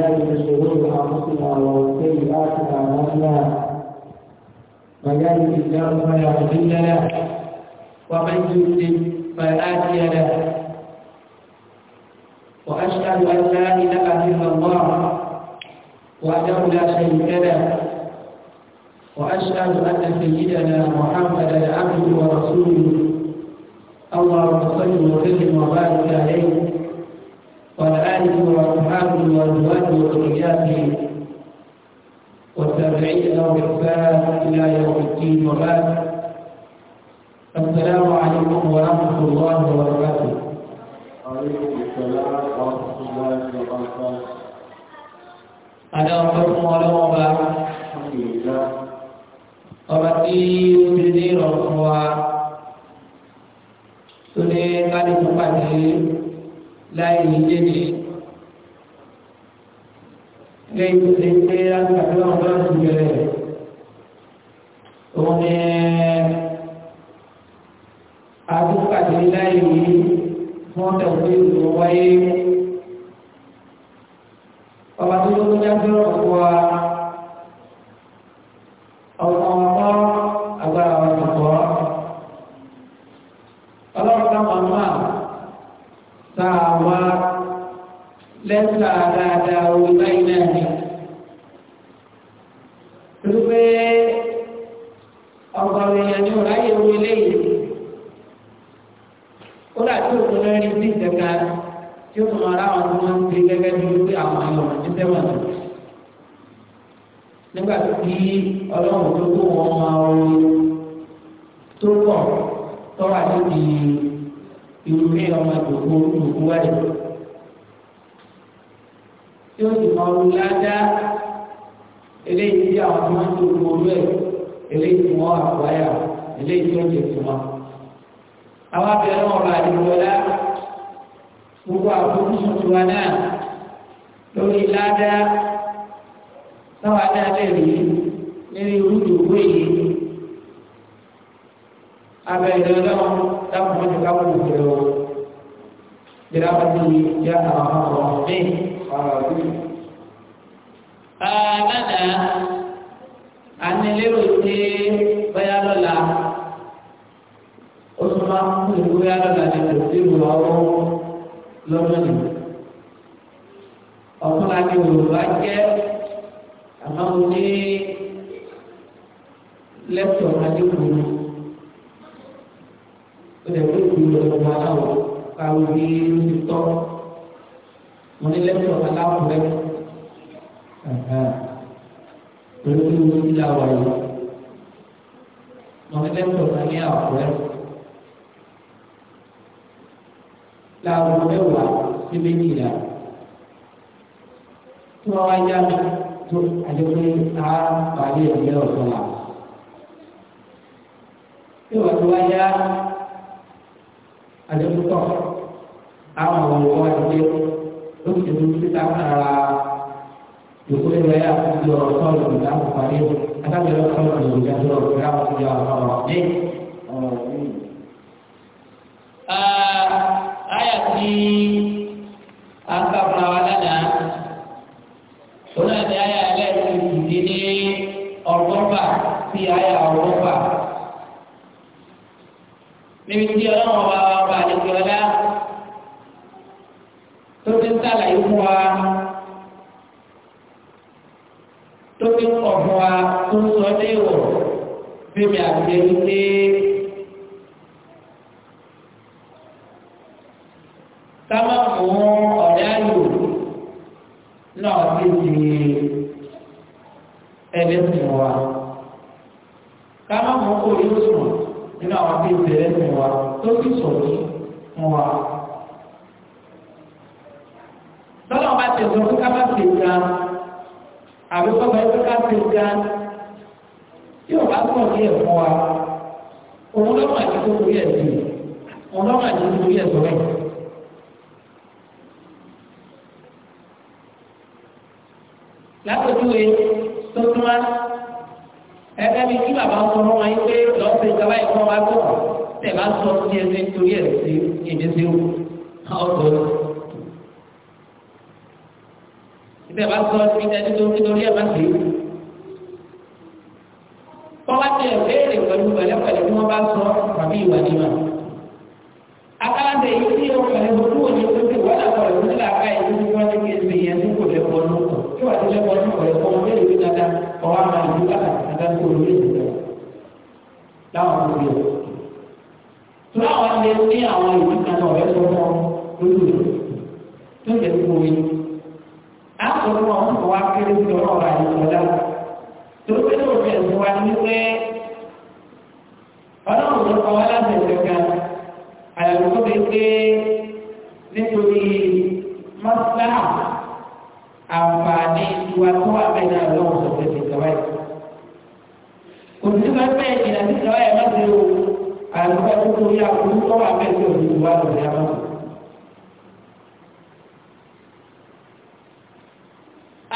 الله من شرور انفسنا ومن سيئات اعمالنا من يهده الله فلا مضل له ومن يضلل فلا هادي له واشهد ان لا اله الا الله وحده لا شريك له واشهد ان سيدنا محمدا عبده ورسوله اللهم صل وسلم وبارك عليه وعلى آله وأصحابه وأزواجه وذرياته والتابعين له بإحسان إلى يوم الدين وبعد السلام عليكم ورحمة الله وبركاته وعليكم السلام ورحمة الله وبركاته أنا أخبركم ولا أبا الحمد لله أبتي جدير الله سنة قد تقدم láì ní jẹ́ni lẹ́yìn tó ṣe pé àgbàdo àwọn bá ti bẹ̀rẹ̀ òun ni àdúgbàdé láì ní wọ́n tẹ̀wé ìlú wáyé ọba tó ló kọjá fẹ́ràn برحمته يا ارحم الراحمين lánàá a ní lérò pé bóyá lọ́la ó tún máa ń kú ìlú bóyá lọ́la ní kò sí ìlú ọwọ́ lọ́dún ni ọ̀túnla ní Yorùbá jẹ́ àmọ́ ní lẹ́tọ̀ọ́ adékòó ó lè kó ìlú ọ̀tún máa náà wọ̀ kàwé bí ló ti tọ́ mo ní lẹ́tọ̀ aláwọ̀rẹ́ pẹ̀lú bí mo ti láwọ̀ yìí mo ní lẹ́tọ̀ ní àwọ̀rẹ́ láwọ̀ mẹ́wàá sí méjìlá tí wọ́n wá yá mi tó àdéhùn á parí ẹ̀yẹ ọ̀sán la. Tí wọ́n ti wá yá àdéhùn tọ̀ táwọn àwọn ọmọ wa ti dé ó sì ti títà kára yòókù ẹgbẹ́ yà kó ti ọ̀rọ̀ sọ̀rọ̀ ìgbà kó parí o adájọ́ yọ sọ̀rọ̀ ìgbà tó ọ̀rọ̀ ìgbà kó ti ọ̀rọ̀ sọ̀rọ̀ ní ọ̀rọ̀ yìí. Aya ti akabra wa lánàá, ó náà ní aya ẹlẹ́yìn ìdílé ọgọ́fà sí aya ọgọ́fà. Níbi tí ọlọ́run ọba sàlàyé fún wa tó fi ń kọ̀ fún wa tó ń sọ ní ìwọ̀ bí mi àti ẹni pé ká má mú ọ̀rẹ́ àyò náà sí ti ẹni sùn wa ká má orí sùn nínú àwọn tí ń sùn wa tó sì sọ̀rọ̀ fún wa tọ́lọ́ bá ti sọ fún ká bá ti ga àbí kọ́ bá ti ká ti ga tí ò bá pọ̀ ní ẹ̀fọ́ wa òun lọ́mọ àti tó torí ẹ̀ sí òun lọ́mọ àti tó torí ẹ̀ sọ̀rọ̀ yìí. látọ̀júwe tó tún wá ẹgbẹ́ mi kí bàbá sọ fún wa yín pé lọ́sẹ̀ ìjọba ìfọ̀n wa tó tẹ̀ bá sọ sí ẹgbẹ́ torí ẹ̀ sí ìdí sí ìbẹ̀ bá sọ ní ẹni tó nítorí ẹ̀ má sí. Bọ́lá ti ẹ̀ béèrè pẹ̀lú pẹ̀lẹ́pẹ̀lẹ́ tí wọ́n bá sọ tàbí ìwà ní ma. Akáláńdé yìí tí ó pẹ̀lẹ́ tó kúrò ní ojú ìwà lápá rẹ̀ nílẹ̀ àká ìlú tí wọ́n ti ké ṣe yẹn tí kò lẹ́kọ̀ọ́ nù. Tí wàá ti lẹ́kọ̀ọ́ nù ọ̀rẹ́ kọ́ kan náà ọ̀rẹ́ tó mọ́ lójú àkókò wọn kò wá kéré sí ọ̀rọ̀ àyẹ̀wòlá tó pé ní òfin ẹ̀sìn wa ní pé ọlọ́run ló kọ́ wá láti ẹ̀sìn kan àyẹ̀wò tó fi pé nítorí mọ́tà àǹfààní ìwà tó wà bẹ́ẹ̀ náà lọ́wọ́ tó fi ti tẹ̀wá yìí. kò sí máa ń bẹ́ẹ̀ jìnnà sí tẹ̀wá yẹn má ti o àyẹ̀wò tó kó yà kó tó wà bẹ́ẹ̀ tó o ní ìwà tó yà má tó.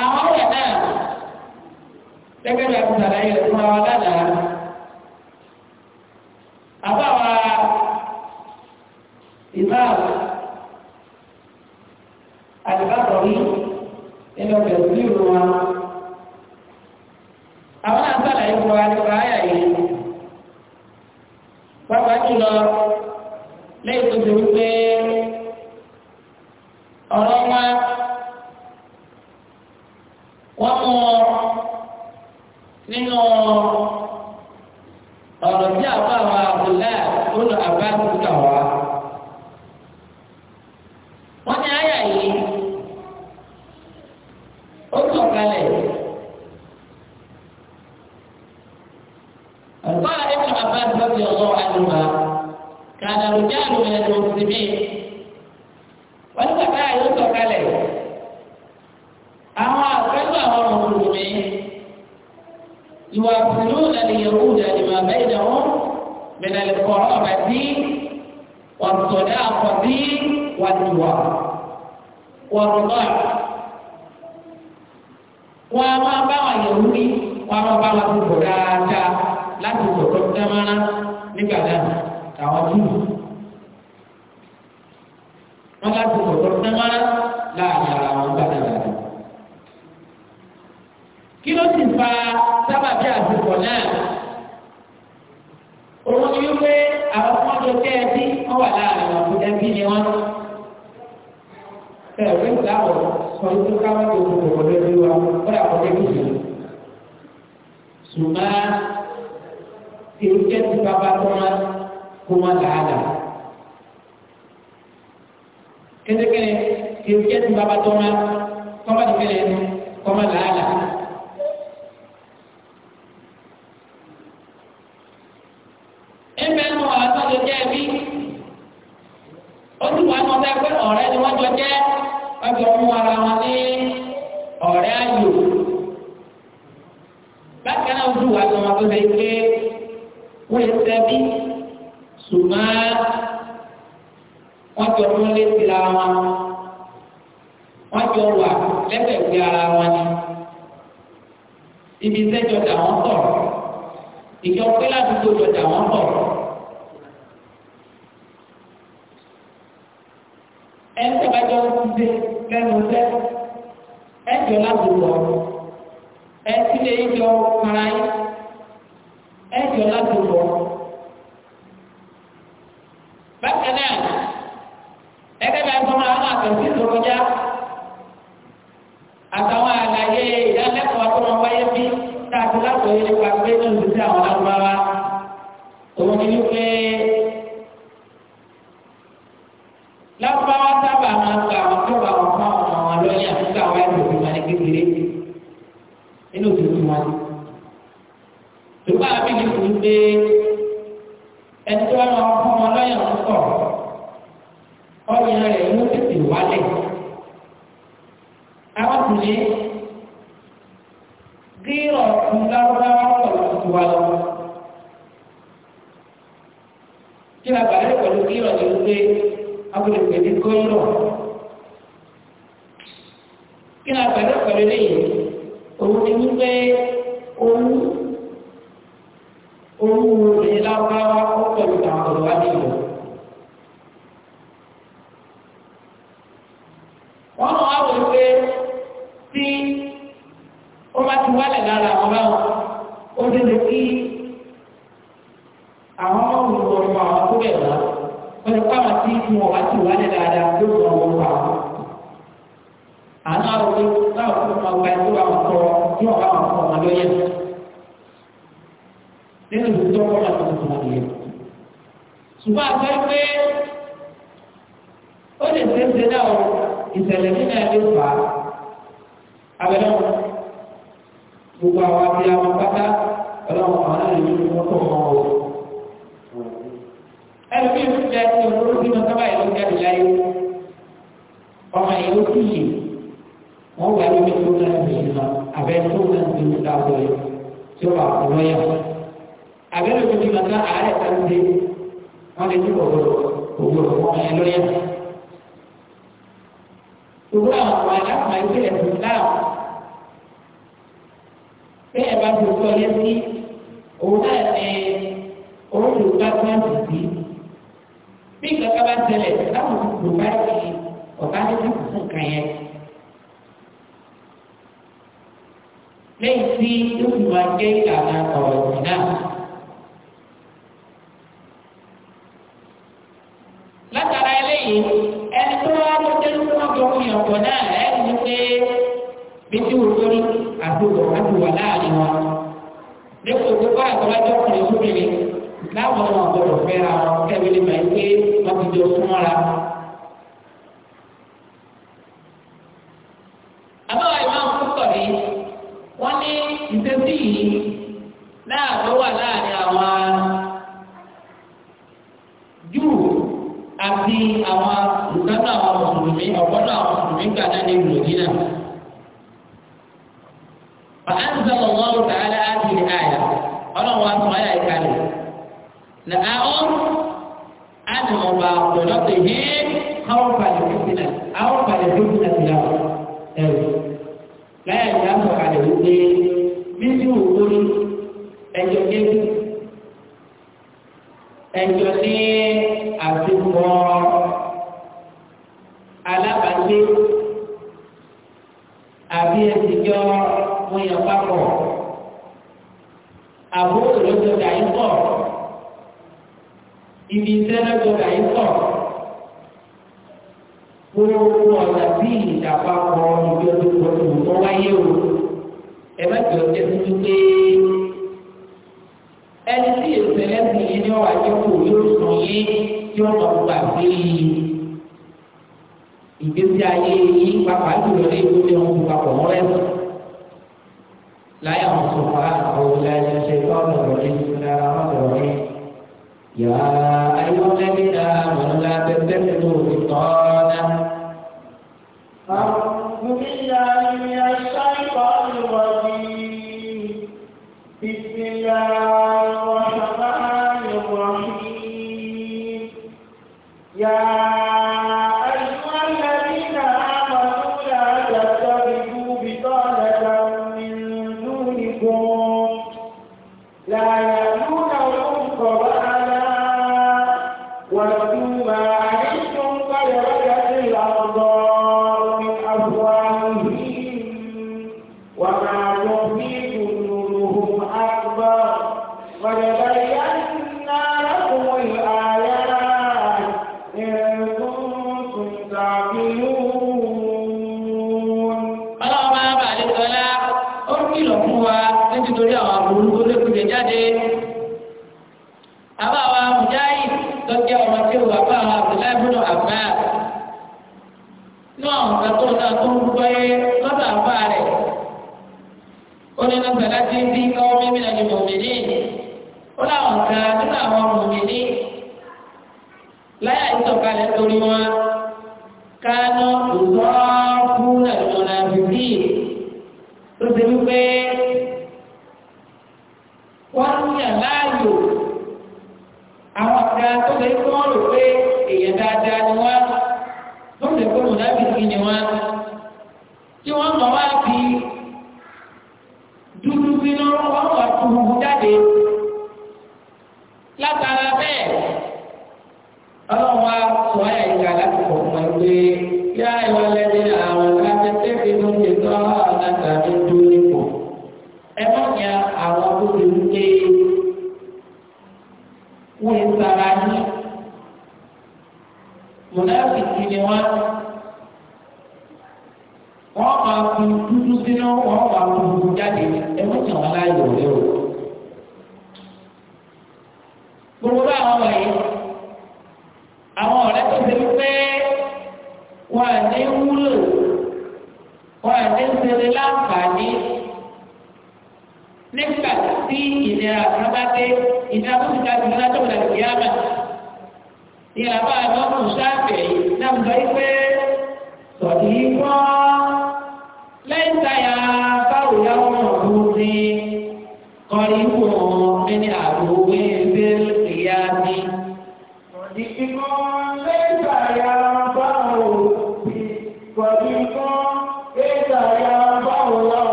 àwọn ọ̀rọ̀ náà gẹ́gẹ́ bí a ti sàlàyé rẹ̀ fún wa lánàá àbáwa ìmáàmù àdìbàtọ̀ yìí nínú ọ̀bẹ̀ sí ìlú wa àwọn náà sàlàyé fún wa nípa àyà yìí pápá jùlọ lẹ́yìn tó ti wípé ọ̀rọ̀ lọ́pọ̀ dáadáa láti sọ̀tọ́ dámárá nígbà náà àwọn júù wọ́n láti sọ̀tọ́ dámárá láàrin ara wọn kí ló sì fa sábàbí àsìkò náà òun ni wípé àwọn ọmọdé kẹ́ẹ̀dí wọ́n wà láàrin wọn kó ẹbí ni wọ́n ẹ̀rọ ìgbà wọ̀ sọ ìdókáwọ́ tó kọ̀ ọ̀dọ́ ìlú wa ó dà ṣùgbọ́n èròjà ti bàbá kuma má kó má dáadáa. kẹ́tẹ́kẹ́ èròjà ti bàbá tó má kọ́má tó iṣẹ́ jọ tà wọ́n pọ̀ ìjọ pé ládùúgbò jọ tà wọ́n pọ̀. ẹni tó lẹ́nu iṣẹ́ ẹ̀jọ̀ ládùúgbò ọ̀rọ̀. pẹ̀lú eléyìí òun ni wípé òun òun wo èyí ó pẹ̀lú àwọn ọ̀dọ́ wájú fìlà àwọn kàlẹ̀ tó fìlà fìlà ẹ̀rù láyà ìyá àwọn kàlẹ̀ wípé bísí òkúri ẹjọ kéwù ẹjọ ní àfikọ́ alábàágbé àbí ẹsìnjọ wọnyàn papọ̀ àbúrò lọ́jọ́ dàí pọ̀ ibi iṣẹ́ lọ́jọ́ dàí pọ̀ gbogbo ọ̀nà bí ìjàpá kọ ibi ọdún gbọdọ̀ tó wáyé o ẹ má jọ jẹ tuntun pé ẹni tí ìṣẹ̀lẹ̀ ti yé ní ọwọ́ àjẹkù yóò sùn yé tí wọn lọ gbà pé ìgbésí ayé yìí pàápàá jùlọ ní ìlú tí wọn kú papọ̀ mọ́ ẹ̀sìn láyé àwọn sọ̀rọ̀ àwọn ọ̀rọ̀ ìlànà ìṣẹ̀lẹ̀ ọ̀rọ̀ ìṣẹ̀lẹ̀ ọ̀rọ̀ ìṣẹ̀lẹ̀ يا أيها الذين آمنوا لا تتخذوا بطانة wọ́n sọ pé wọ́n rò pé èèyàn dáadáa ni wọ́n wọ́n sọ pé mùnàbìsí ni wọ́n.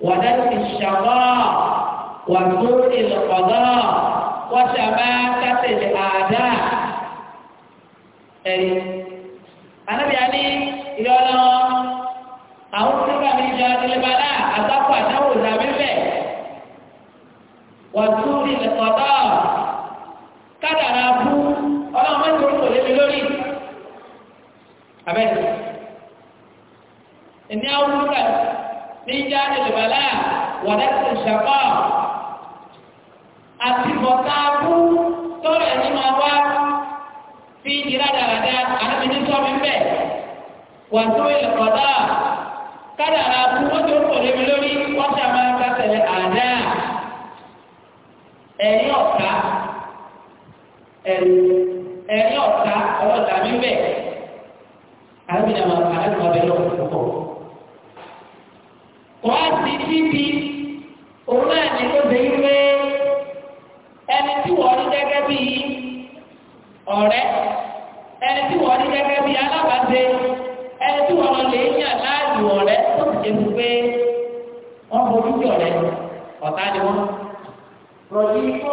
ودرك الشقاء وسوء القضاء وشماتة الأعداء أي أنا يعني يقولون àwọn tí wọn ní ìjọ ìlẹ̀bà náà àtàkùn àtàwọn òṣàbíbẹ̀ wọ́n tún ní ìlẹ̀kọ̀tọ̀ kádàrà bú ọlọ́run mẹ́ta orúkọ lébi lórí abẹ́rẹ́ ẹ̀ní àwọn olùkọ́ من جان البلاء ونفس الشقاء àti bọ̀tàbù tọ́rọ̀ ẹ̀yìn máa wá fi ìjìlá dáradá àdébìnrin sọ́mi bẹ́ẹ̀ wà tó ilẹ̀ kọ̀dá kádàrà bú wọ́n tó kò lébi lórí wọ́n ṣe máa ń kásẹ̀ àdá ẹ̀yìn ọ̀tá ẹ̀yìn ọ̀tá ọlọ́dà mi bẹ́ẹ̀ àdébìnrin àwọn àdébìnrin lọ́wọ́ púpọ̀ wọ́n ti síbi òun náà ní kó ṣe wípé ẹni tí wọ́n rí gẹ́gẹ́ bí ọ̀rẹ́ ẹni tí wọ́n rí gẹ́gẹ́ bí alábàáṣe ẹni tí wọ́n lè yàn láàyò ọ̀rẹ́ tó ti jẹ́ wípé wọ́n fojú sí ọ̀rẹ́ ọ̀tá ni wọ́n. rọ̀jí kó.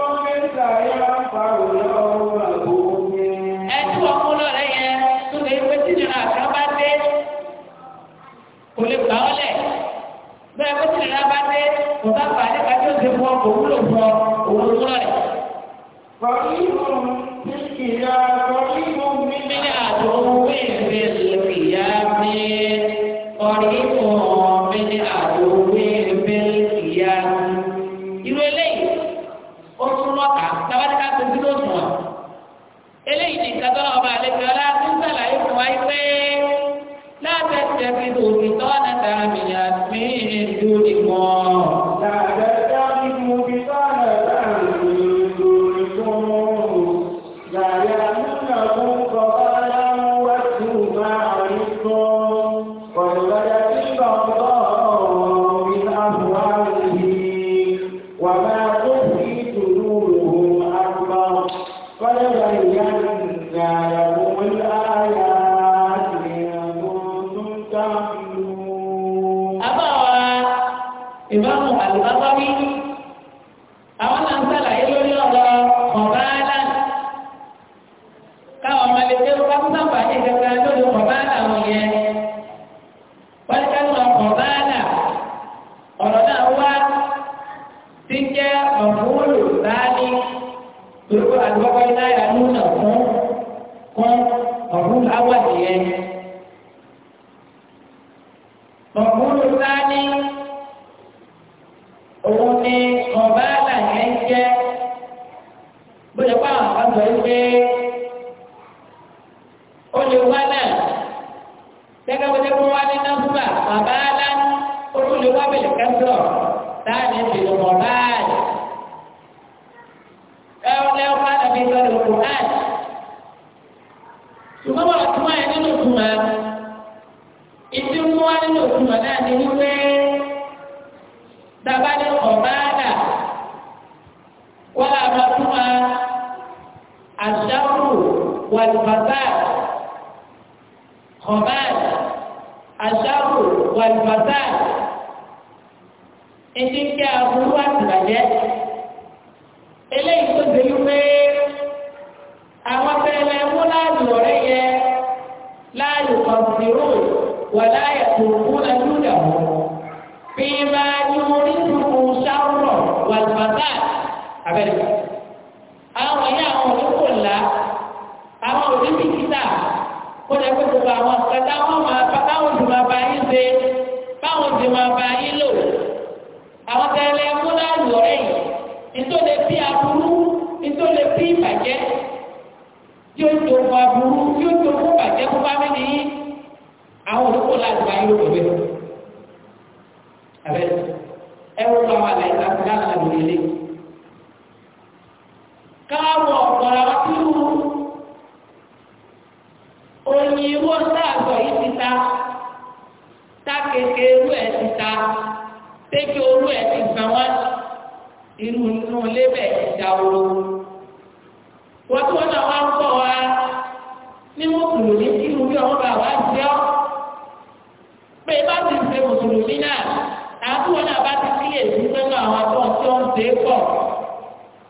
ìmáàmù àlùbáwáwí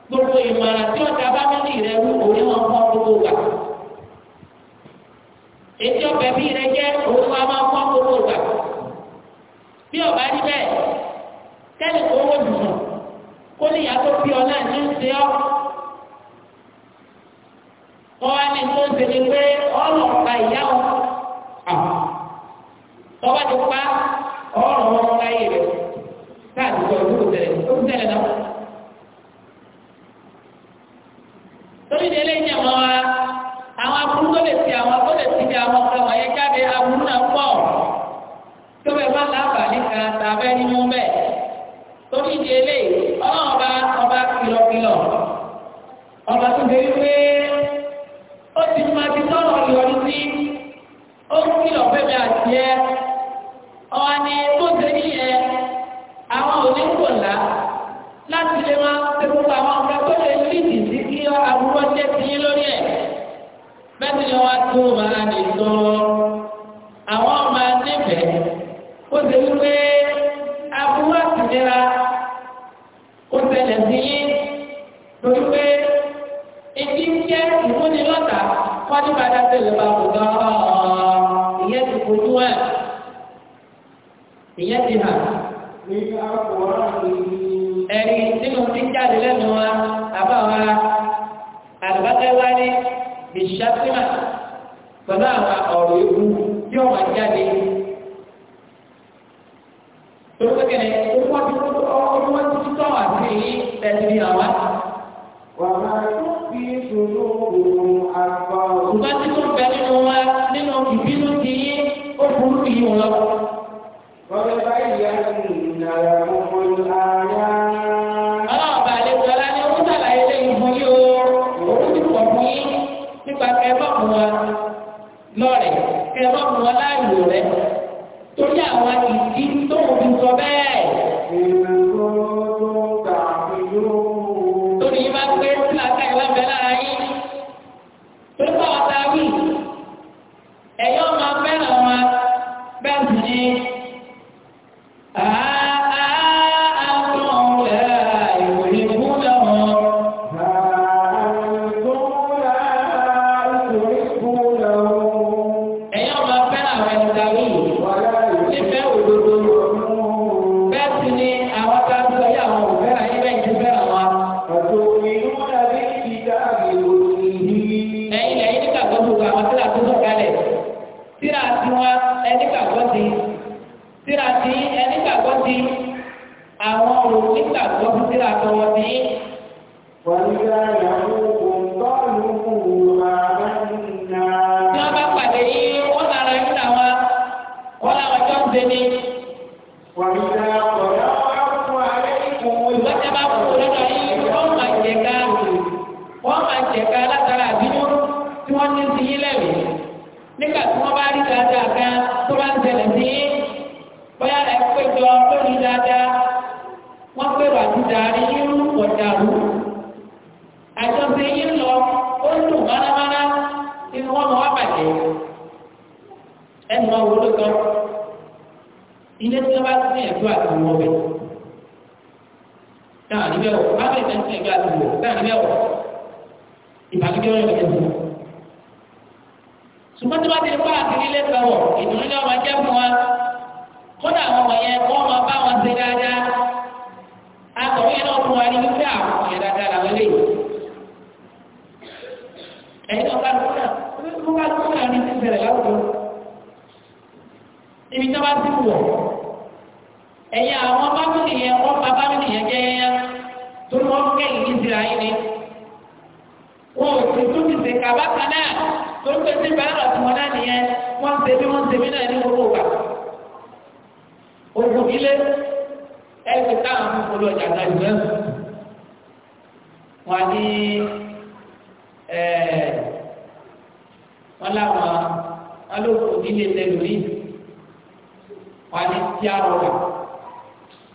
gbogbo ìmọ̀ràn tí ọ̀gá bá nílì rẹ wú òní wọn kọ́ gbogbo wà.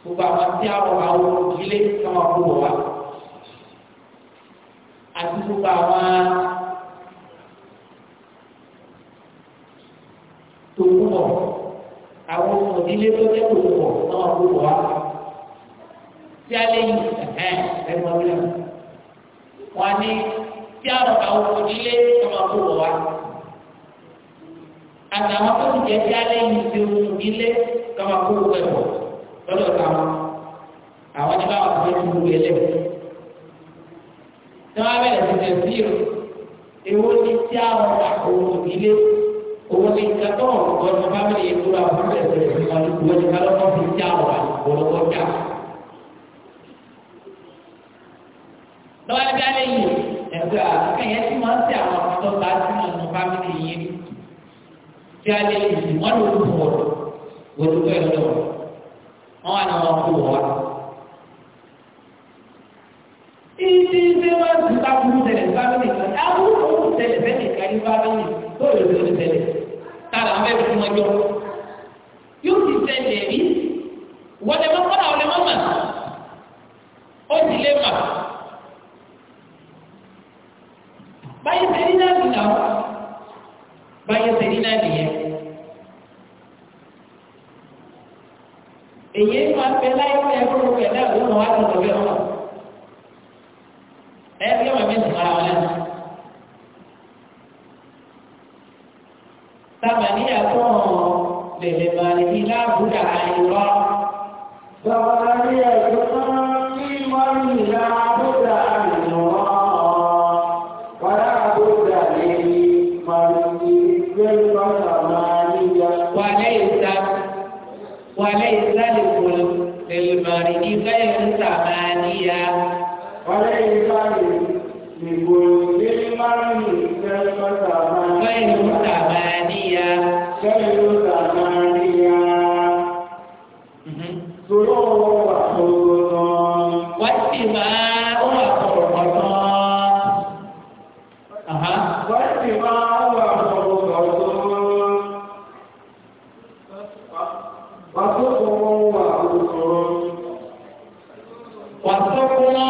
gbogbo àwọn tí àwọn àwọn ìdílé káwọn kó wọ wa àti gbogbo àwọn tó kú wọ àwọn ìdílé tó jẹ kó wọ káwọn kó wọ tí a lè yí ẹhẹn ẹgbẹ́ wọlé wọn ni tí àwọn àwọn ìdílé káwọn kó wọ wa àtàwọn tó ti jẹ tí a lè yí ìdílé káwọn kó wọ ẹ̀wọ̀ lọ́dọ̀ táwọn àwọn tí báwọn ti tún gbogbo ẹlẹ́ tí wọ́n bẹ̀rẹ̀ sí tẹ̀ sí o èwo ni tí àwọn àwọn ìdílé owó ni kátó ọ̀gbọ́n ní fámìlì yìí kúrò àwọn bẹ̀rẹ̀ sí tẹ̀ sí wọn ní kálọ́kọ́ fi tí àwọn àgbọ̀lọ́gbọ́ jà. lọ́wọ́ ẹgbẹ́ alẹ́ yìí ẹgbẹ́ àkàyẹ tí wọ́n ń tẹ àwọn ọ̀tọ́ bá sí ọ̀nà fámìlì yìí tí alẹ́ yìí wọ́n lò ó wọ̀ wọ́n lò ó wọn wà ní wọn kú wọn. Ìdí ṣé wọ́n ti ta kúrú tẹ̀lé fámìlì kan? Àwọn òkú tẹ̀lé fẹ́ẹ̀lì kan ní fámìlì tó lè lè tẹ̀lé. Tààrà ń bẹ̀ fún wọn jọ. Yóò ti tẹ̀lé rí. Wọ́n lè mọ́ kọ́ra ọ̀lẹ́ mọ́ mà. Ó ti lé mà. Báyìí tẹ̀lé náà nìyàwó. Báyìí tẹ̀lé náà nìyẹn. èyí ń máa fẹ́ láì fẹ́ fún ọkọ̀ ẹ̀dá ìlú wọn wá lọ́dọ̀ bẹ́ẹ̀ wọn. ẹ bí wọn bí sùn ara wọn lẹ́nu. sábà níyàtọ̀ lẹ̀lẹ̀ bàrẹ̀ ní láàbùdà àìrọ̀ gbọ́wọ́. wàtọ́kùnà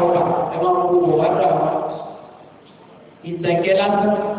wà ẹ má wọ wàdà wa ìtàgé lásán.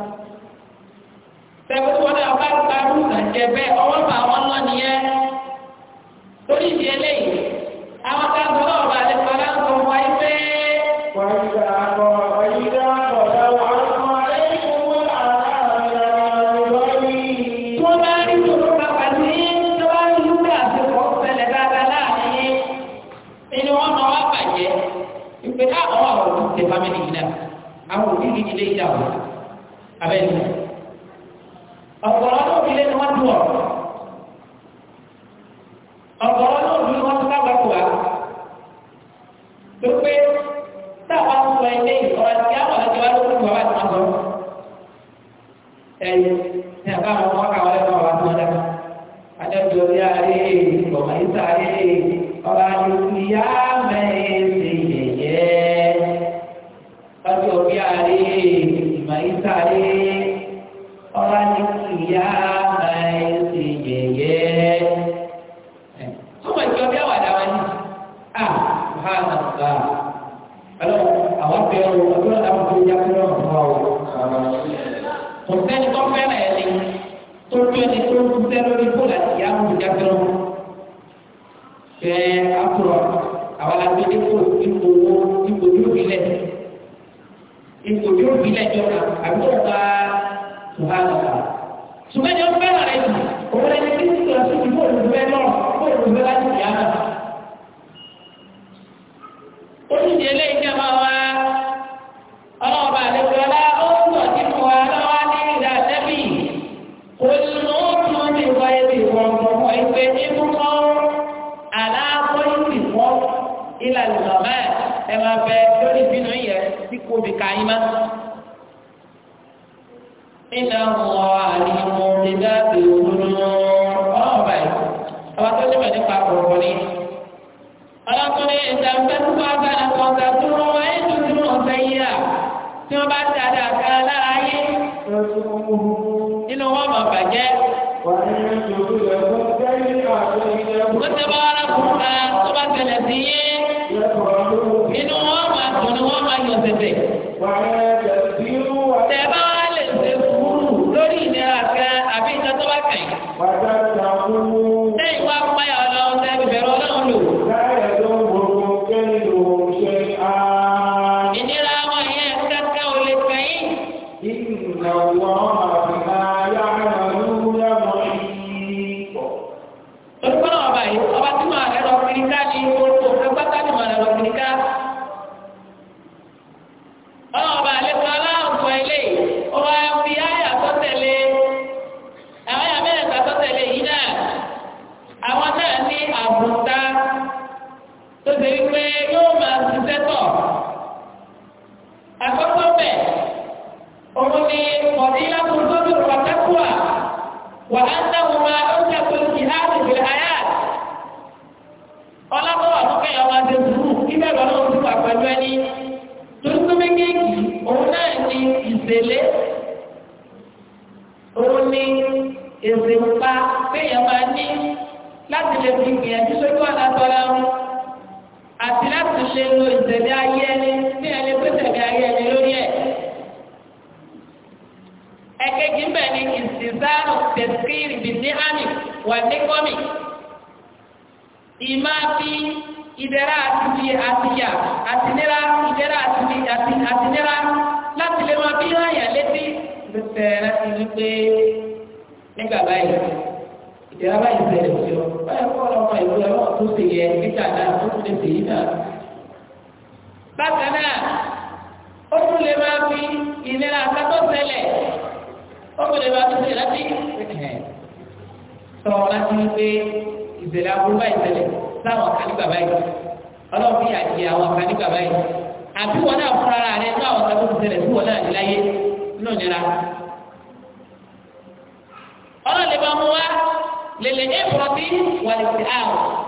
wàhálà o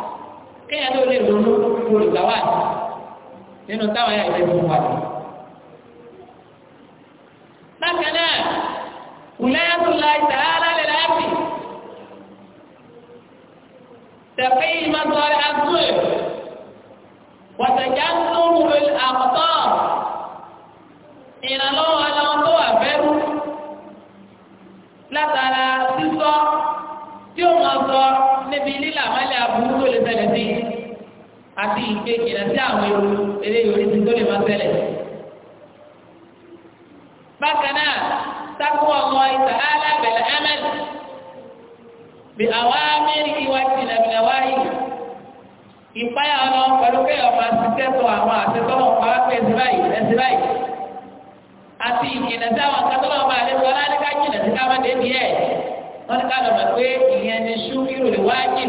kéèyàn tó lè ronú olùgbà wà nínú táwọn ẹ̀yà ìdẹ́nu wà lọ. bákan náà wùláyàtò la ìtàhálà lè láàbì tẹ̀fẹ́ ìmọ̀tọ́rẹ́ àdúrà wàtàjà ń tó wùwé àkọ́tọ́ ìrànlọ́wọ́ aláwọ̀ tó wà fẹ́rú látara. àmàlẹ́ aburú tó lè ṣẹlẹ̀ sí àti ìgbé ìrìnà sí àwọn ewu eléyìí oríṣi tó lè máa ṣẹlẹ̀. bákan náà sákó ọmọ ìta alábẹ̀lẹ̀ ahmed bí àwọn amẹ́ríkì wá ti nàbìlẹ̀ wáyé ìpáyà ọ̀nà pẹ̀lú pé ọmọ àtúntẹ́tọ̀ àwọn àtẹ́tọ́nà pàápẹ́ ẹ̀sìn báyìí ẹ̀sìn báyìí àti ìjìnà sí àwọn akẹ́tọ́nà ọba àlejò aláàdéká jìnà sí dé ní ẹ̀ wọ́n ní ká lọ́mọ pé ìyẹn ni ṣú irú rẹ̀ wáyé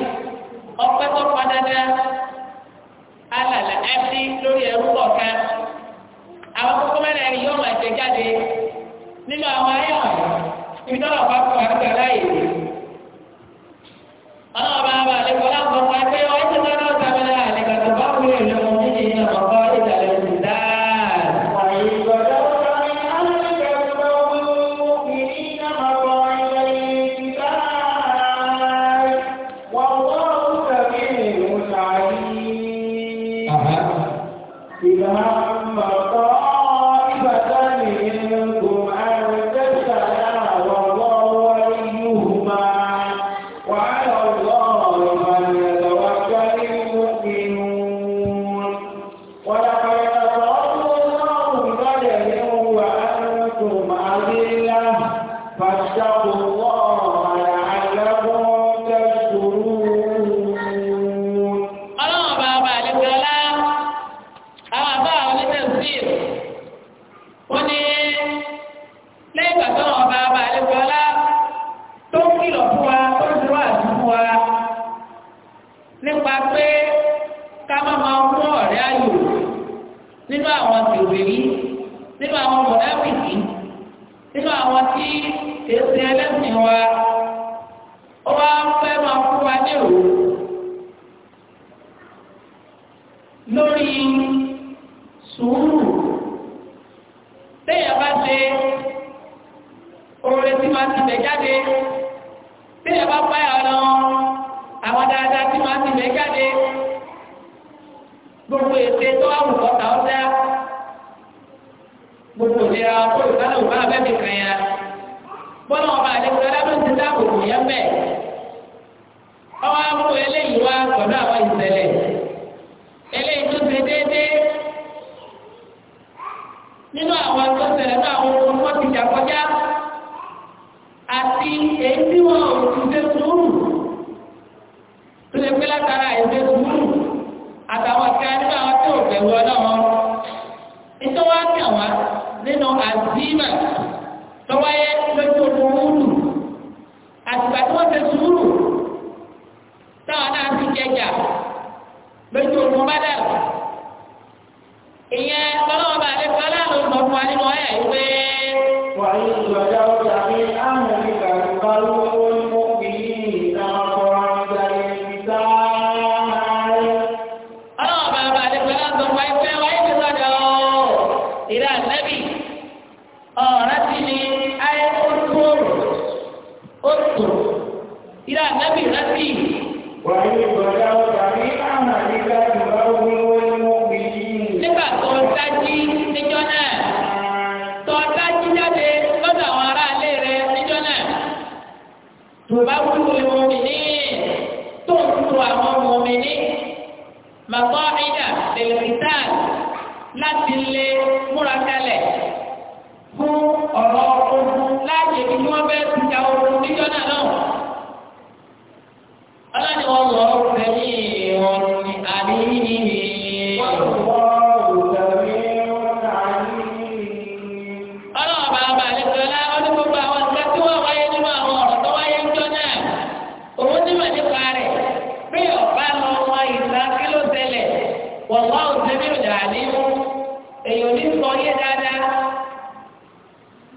ọpẹ́ tó pọn dandan alàlà ẹbí lórí ẹrú kọ̀ọ̀kan àwọn kókó mẹ́rin ẹni yóò máa jẹ jáde nínú àwọn ayé ọ̀hún ibi tó lọ bá fún àgbà láàyè ọlọ́ọ̀bá bá àlekọ́ láǹkọ̀ọ́ pé ọ̀hún ti tọ́jú ọ̀sán mi náà àlekọ́ tó bá wúlò ìlú ọ̀hún nídìí náà ọ̀pọ̀.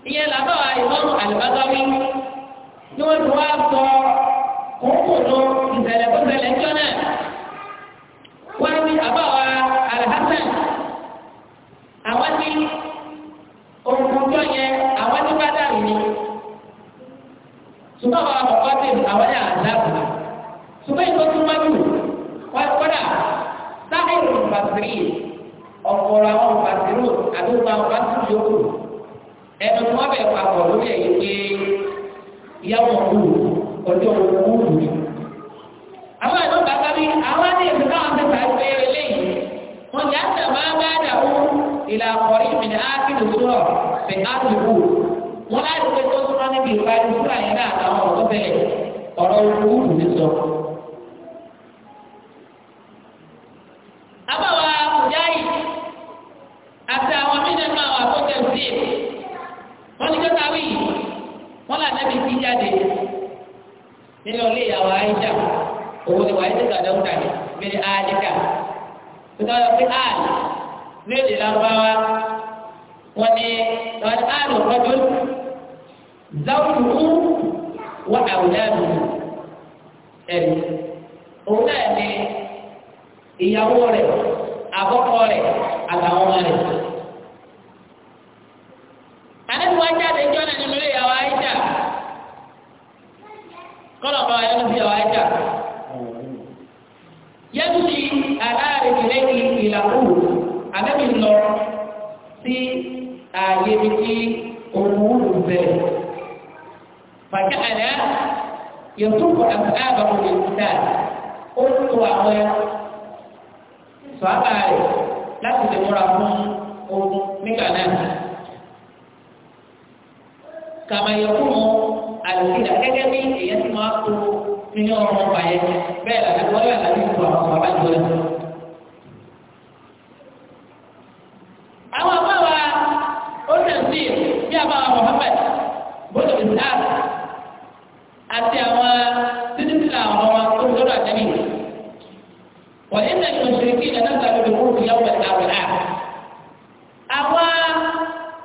ìyẹn làbá ìmọ̀rún àlùbágáwí ni wọ́n ti wá sọ kókò lọ ìṣẹ̀lẹ̀ tó ṣẹlẹ̀ jọ náà. àtùkù wọn láti pé tó súnmọ́ níbi ìparí fúlàyé náà àtàwọn ọ̀rọ̀ bẹ́ẹ̀ ọ̀rọ̀ olùkú kù ní sọ.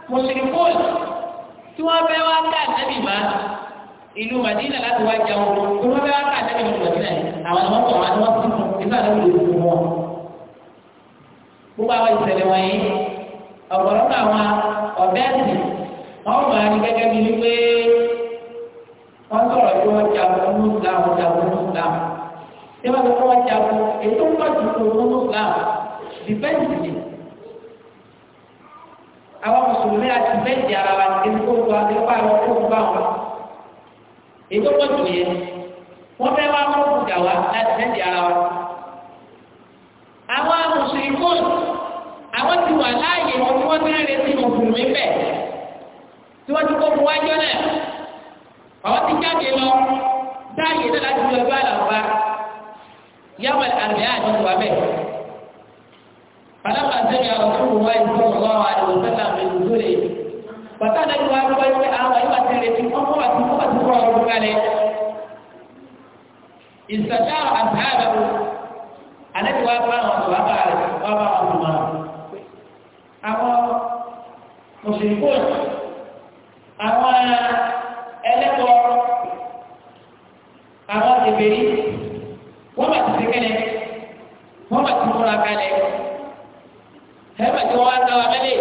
mùsùlùmí tí wọ́n fẹ́ wá ká àtẹ́bì máa ìlú Madina láti wá jẹun tí wọ́n fẹ́ wá ká àtẹ́bì ìlú Madina àwọn àwọn ọmọ àwọn àwọn tó kù nígbà tó lè fún wọn. gbogbo àwọn ìṣẹ̀lẹ̀ wọ̀nyí ọ̀pọ̀lọpọ̀ àwọn ọ̀bẹ ẹ̀sìn wọ́n máa ní gẹ́gẹ́ bí wípé wọ́n sọ̀rọ̀ tí wọ́n jagun ní Islam jagun ní Islam tí wọ́n fẹ́ wọ́n jagun ètò pọ̀ jù lóun ní Islam àwọn mùsùlùmí àti bẹ́ẹ̀dì ara wa ní kí kókó àti pààrọ̀ kókó bá wọn. ètò wọn tó yẹ wọn fẹ́ wá kó kùjà wa láti bẹ́ẹ̀dì ara wa. àwọn mùsùlùmí kóòtù àwọn ti wà láàyè wọn tí wọ́n fẹ́ẹ́ retí mùsùlùmí bẹ̀ tí wọ́n ti kó mu wájọ́ náà àwọn ti jáde lọ sáàyè náà láti lọ bá làwọn bá yàwọn àgbẹ̀ àdúgbò abẹ́. فلما سمع رسول الله صلى الله عليه وسلم من نزوله فكان يقال ويقول آه يمثل لكم أمة أمة أمة عليه استشار أصحابه الذي وقع وقع عليه وقع الله أما مشركون أما ẹlẹ́kọ̀ọ́ àwọn ìbéèrè wọ́n bá ti ṣe kẹ́lẹ́ wọ́n bá ti múra kálẹ̀ fẹ́ẹ̀mẹ̀ tí wọ́n wá sáwà mẹ́lẹ̀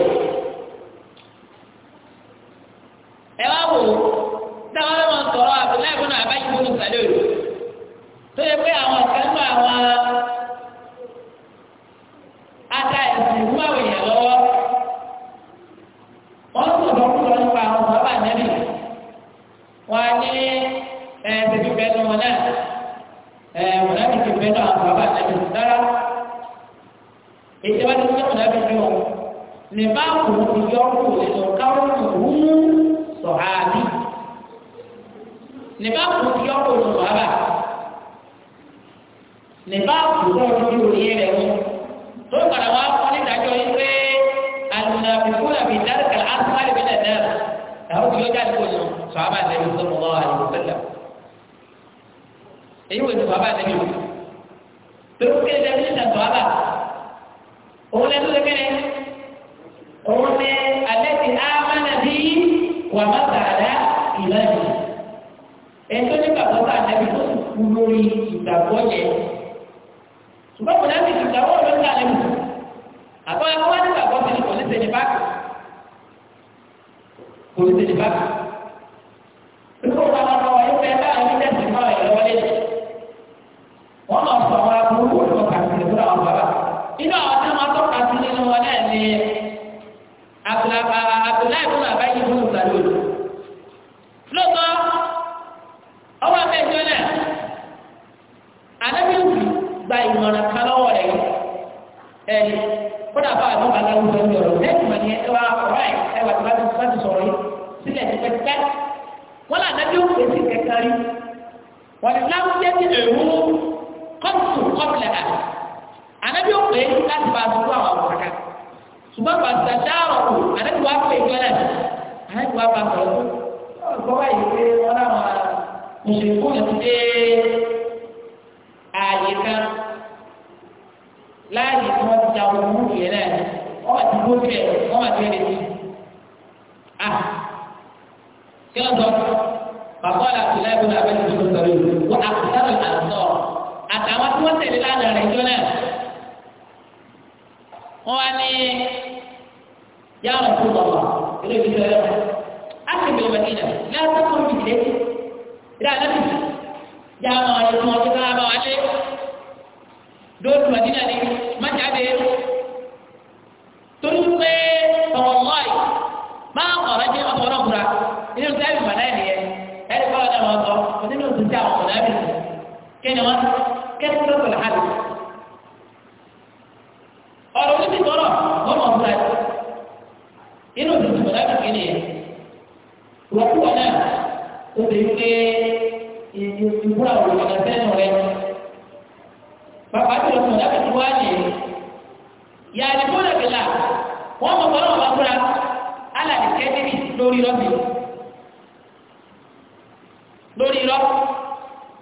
ẹ wá wò táwọn ọlọ́mọ sọ̀rọ̀ àbúláì fún àbájú fún ìsàlẹ̀ òru tó yẹ pé àwọn ọ̀kẹ́ torí ó kéde ẹni níta tó wá bà òun lẹ́nu lé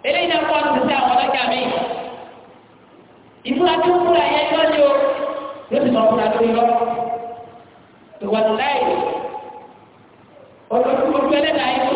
eléyìí náà kọ́ àtúntò sí àwọn ọlọ́jà mi ìfúra tí ó fúra yẹn yọ ni o yóò sì máa fúra lórí lọ ìwà láì olóòtú ẹlẹ́dàá yìí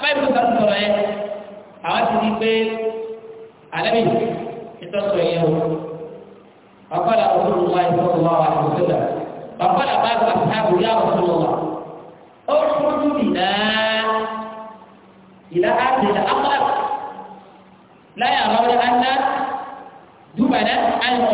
bàbá ìbùdó sọ sọ̀rọ̀ yẹn àwọn ti di pé alẹ́bí ìtọ́sọ̀ yẹn o ọ̀kọ́lá òkúrú wa ìfọ̀rọ̀ wa wà lóṣù dà ọ̀kọ́lá bá gba sáàbù yá òṣù wa ó rúdú ìlà ìlà àti ìlà àkọ́lá láyà àwọn ọ̀rẹ́ àná dúbàdà àìmọ̀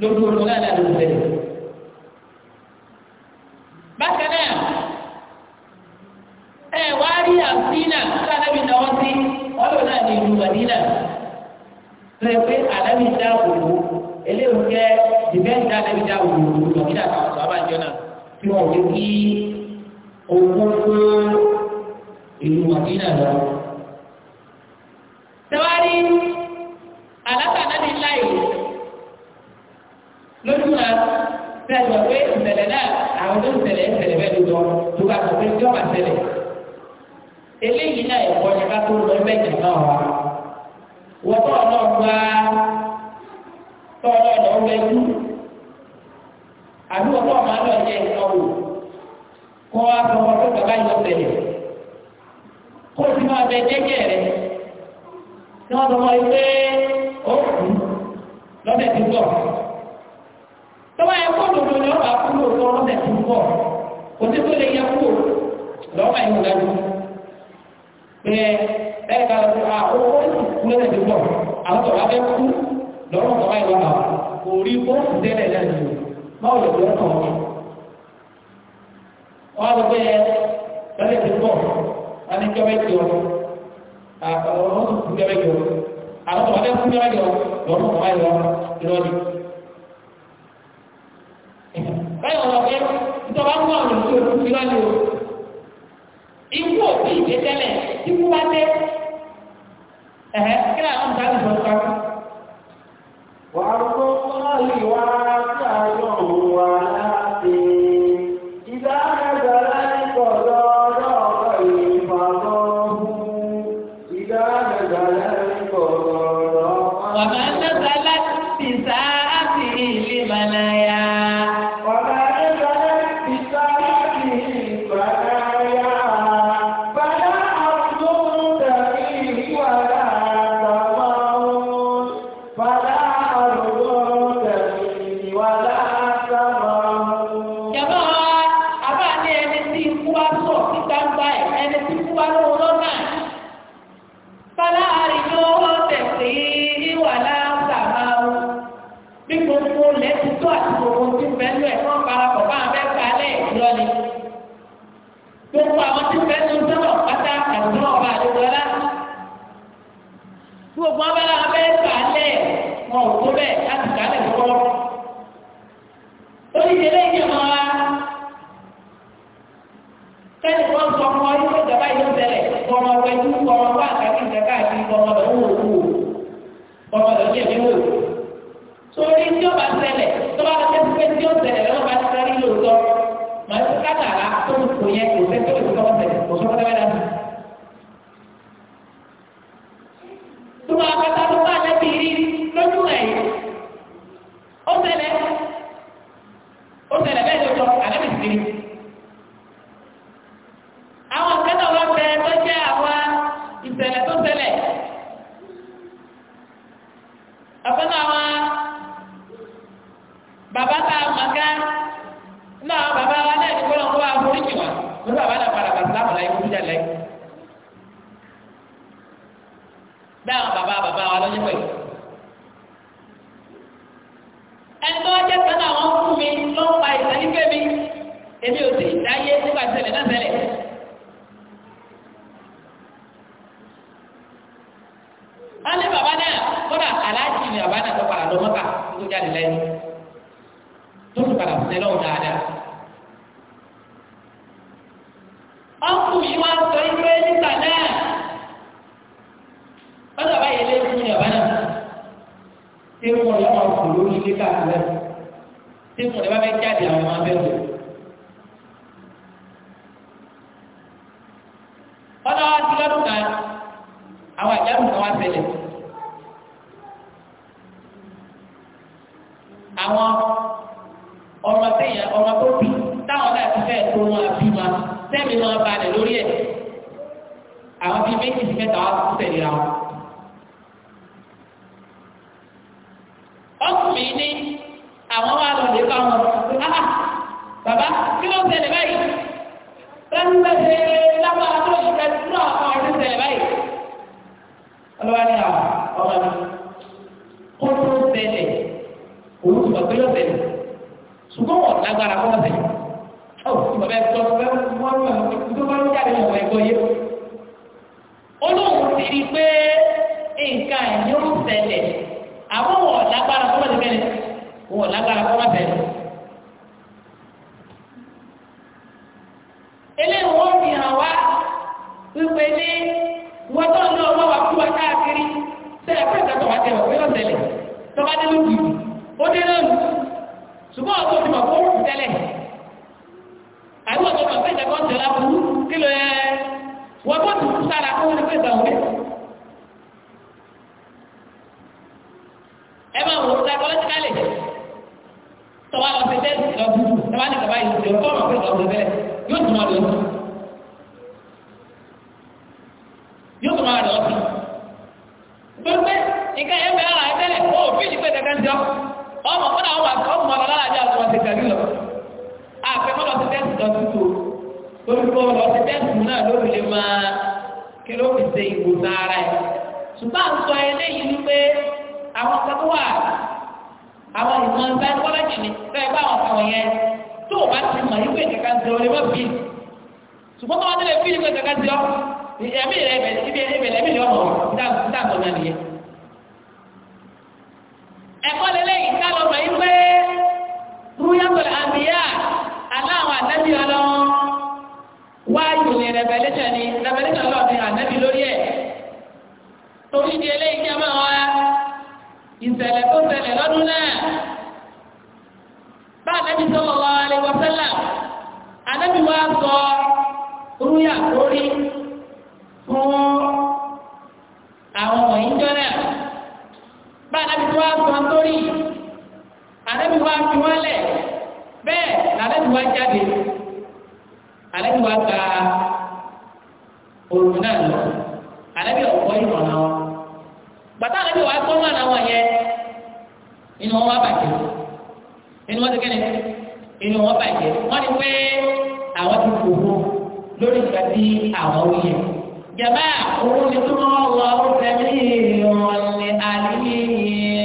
lójú ọdún náà lálẹ́ òun bẹ̀rẹ̀. ṣe lágbára tó ṣe fẹ́ sínú àwọn ọdún tẹ̀lé báyìí. ọlọ́wà ní àwọn ọmọ mi kó tó ń tẹ̀lé òun ti mọ̀ pé lọ́sẹ̀ ṣùgbọ́n wọn lágbára kọ́ ọ̀sẹ̀ inú wọn ti kẹ́ni inú wọn bàjẹ́ wọ́n ti pé àwọn ti fòfò lórí ìgbà tí àwọn ò yẹ. jàmbá òun ni tó máa wà ó tẹ̀lé ìrọ̀lẹ́ àlẹ́ yìí.